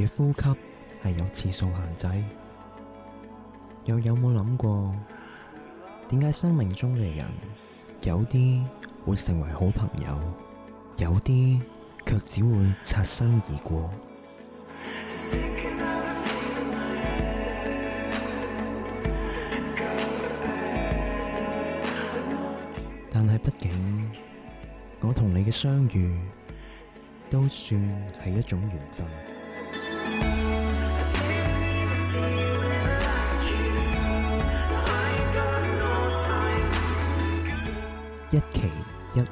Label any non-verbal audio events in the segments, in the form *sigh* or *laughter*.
嘅呼吸係有次數限制，又有冇諗過點解生命中嘅人有啲會成為好朋友，有啲卻只會擦身而過？ *music* 但係畢竟，我同你嘅相遇都算係一種緣分。一期一會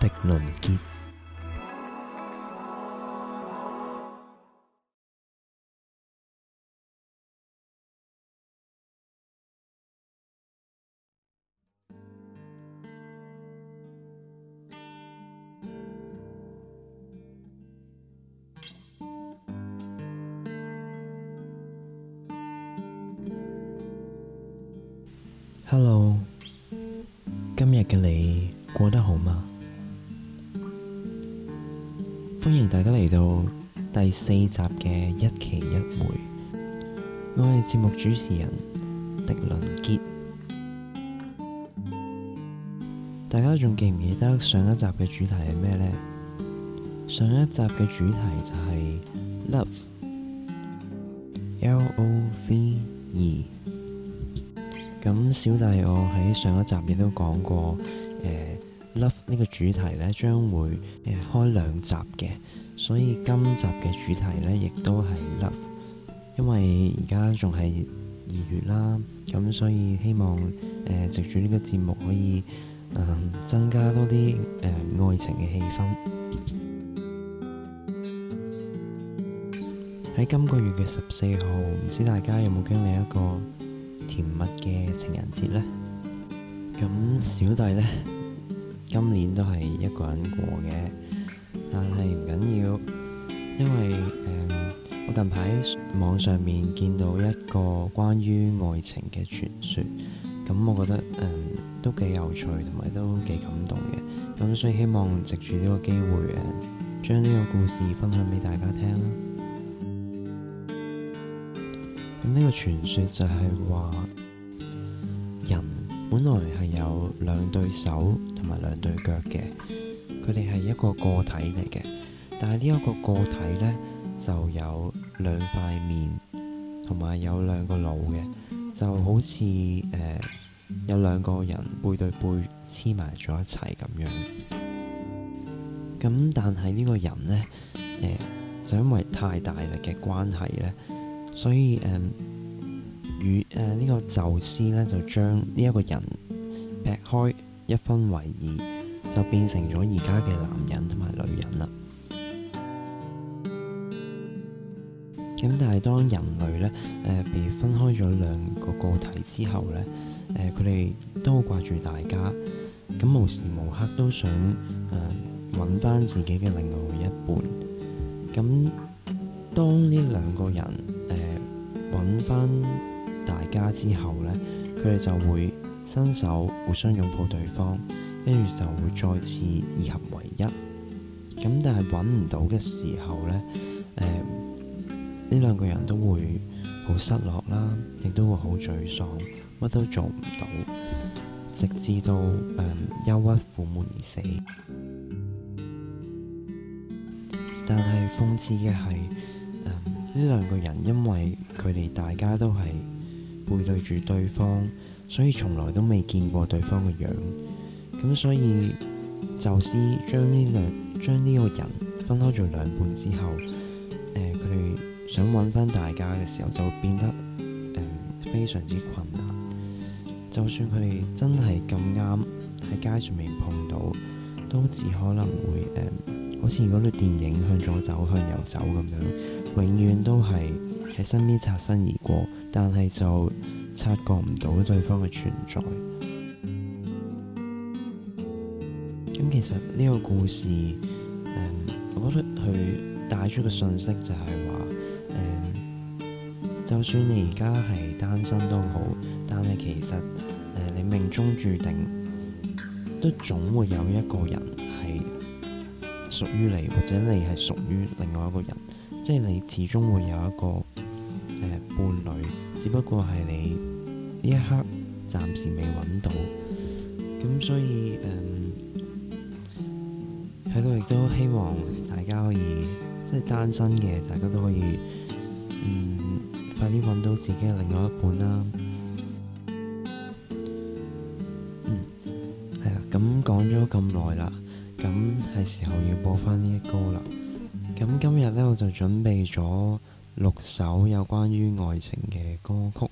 狄倫 *music* 結。Hello，今日嘅你過得好嗎？歡迎大家嚟到第四集嘅一期一會，我係節目主持人狄倫．結。大家仲記唔記得上一集嘅主題係咩呢？上一集嘅主題就係 love，L-O-V-E。O v e 咁小弟我喺上一集亦都講過、呃、，love 呢個主題呢將會、呃、開兩集嘅，所以今集嘅主題呢亦都係 love，因為而家仲係二月啦，咁所以希望、呃、藉住呢個節目可以、呃、增加多啲誒、呃、愛情嘅氣氛。喺今個月嘅十四號，唔知大家有冇經歷一個甜蜜嘅情人節呢，咁小弟呢，今年都係一個人過嘅，但係唔緊要，因為、嗯、我近排網上面見到一個關於愛情嘅傳說，咁我覺得、嗯、都幾有趣同埋都幾感動嘅，咁所以希望藉住呢個機會誒，將呢個故事分享俾大家聽啦。呢個傳說就係話，人本來係有兩對手同埋兩對腳嘅，佢哋係一個個體嚟嘅。但係呢一個個體呢就有兩塊面，同埋有兩個腦嘅，就好似誒、呃、有兩個人背對背黐埋咗一齊咁樣。咁但係呢個人呢，誒、呃，就因為太大力嘅關係呢。所以誒，與、呃、誒、呃這個、呢個宙斯咧，就將呢一個人劈開一分為二，就變成咗而家嘅男人同埋女人啦。咁但係當人類咧誒被分開咗兩個個體之後咧，誒佢哋都掛住大家，咁無時無刻都想誒搵返自己嘅另外一半。咁當呢兩個人揾翻大家之後呢，佢哋就會伸手互相擁抱對方，跟住就會再次二合為一。咁但係揾唔到嘅時候咧，呢、呃、兩個人都會好失落啦，亦都會好沮喪，乜都做唔到，直至到誒、呃、憂鬱苦悶而死。但係諷刺嘅係呢兩個人，因為佢哋大家都係背對住對方，所以從來都未見過對方嘅樣。咁所以就將，就先將呢兩將呢個人分開做兩半之後，佢、呃、哋想揾翻大家嘅時候，就變得、呃、非常之困難。就算佢哋真係咁啱喺街上面碰到，都只可能會好似嗰套電影向左走、向右走咁樣。永遠都係喺身邊擦身而過，但係就察覺唔到對方嘅存在。咁其實呢個故事，嗯，我覺得佢帶出嘅信息就係話，嗯，就算你而家係單身都好，但係其實，嗯，你命中注定都總會有一個人係屬於你，或者你係屬於另外一個人。即係你始終會有一個、呃、伴侶，只不過係你呢一刻暫時未搵到，咁所以喺度亦都希望大家可以即係單身嘅，大家都可以、嗯、快啲搵到自己嘅另外一半啦。嗯，係啊，咁講咗咁耐啦，咁係時候要播翻呢一歌啦。咁今日呢，我就準備咗六首有關於愛情嘅歌曲，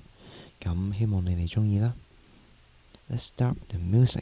咁希望你哋鍾意啦。Let's start the music.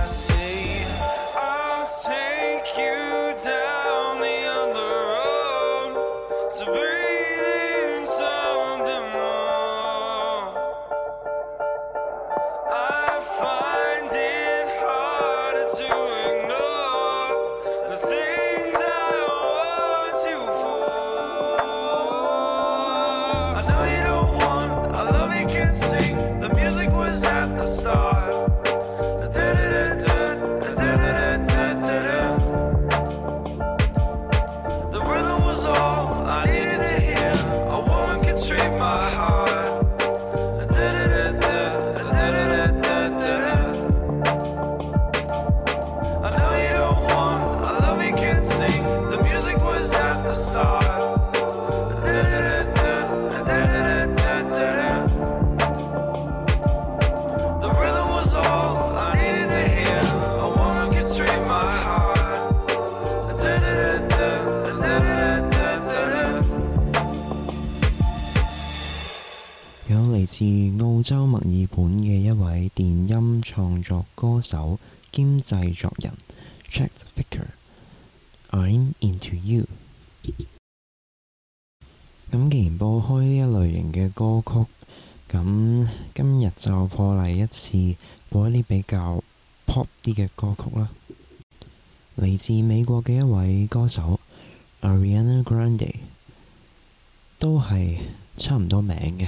自澳洲墨爾本嘅一位電音創作歌手兼製作人 Chet Faker，I'm into you。咁， *noise* 既然播開呢一類型嘅歌曲，咁今日就破例一次播一啲比較 pop 啲嘅歌曲啦。嚟自美國嘅一位歌手 Ariana Grande 都係差唔多名嘅。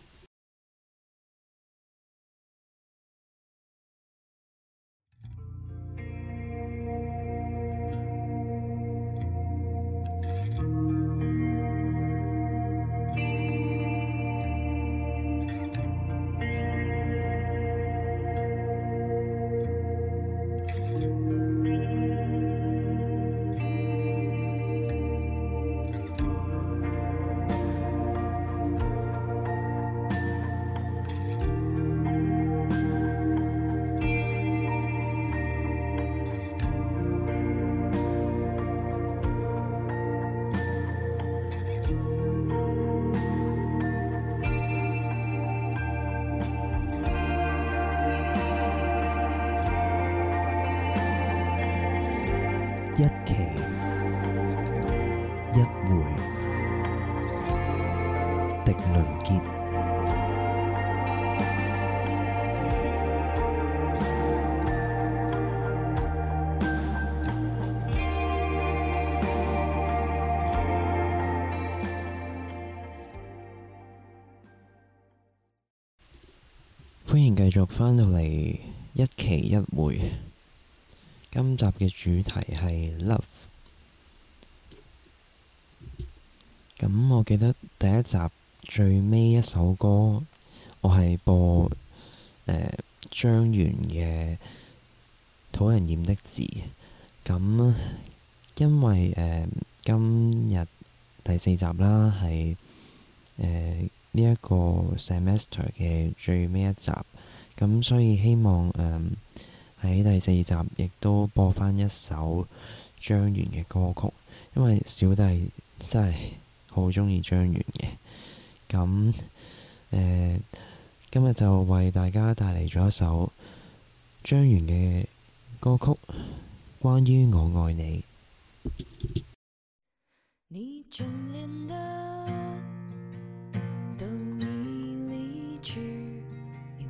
繼續翻到嚟一期一會，今集嘅主題係 Love。咁、嗯、我記得第一集最尾一首歌，我係播誒張懸嘅《討、呃、人厭的字》嗯。咁因為、呃、今日第四集啦，係呢一個 semester 嘅最尾一集。咁、嗯、所以希望喺、嗯、第四集亦都播返一首張懸嘅歌曲，因為小弟真係好中意張懸嘅。咁、嗯嗯、今日就為大家帶嚟咗一首張懸嘅歌曲，關於我愛你。 *music*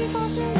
你發現。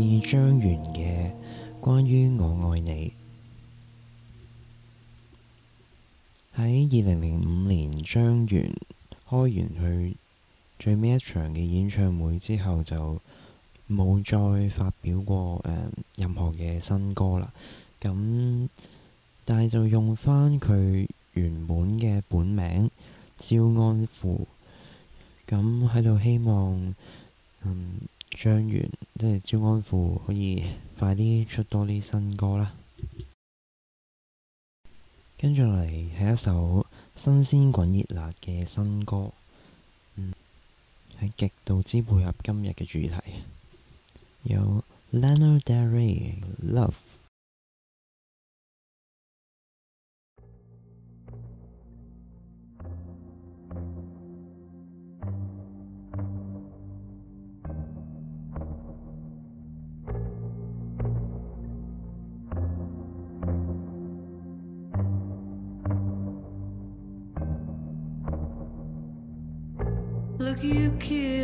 是張懸嘅《關於我愛你》，喺二零零五年張懸開完佢最尾一場嘅演唱會之後，就冇再發表過、呃、任何嘅新歌啦。咁但係就用翻佢原本嘅本名焦安溥，咁喺度希望、嗯張懸即係焦安溥可以快啲出多啲新歌啦，跟住落嚟係一首新鮮滾熱辣嘅新歌，嗯，係極度之配合今日嘅主題。有《Lana Del Rey, Love》。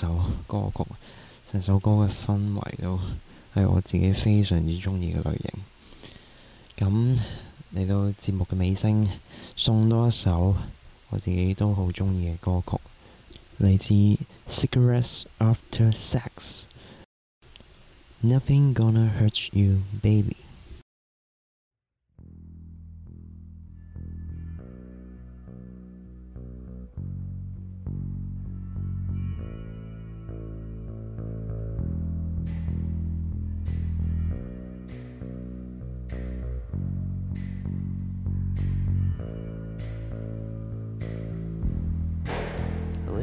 首歌曲，成首歌嘅氛圍都係我自己非常之中意嘅類型。咁嚟到節目嘅尾聲，送多一首我自己都好中意嘅歌曲，嚟 *music* 自《Cigarettes After Sex》，Nothing Gonna Hurt You Baby。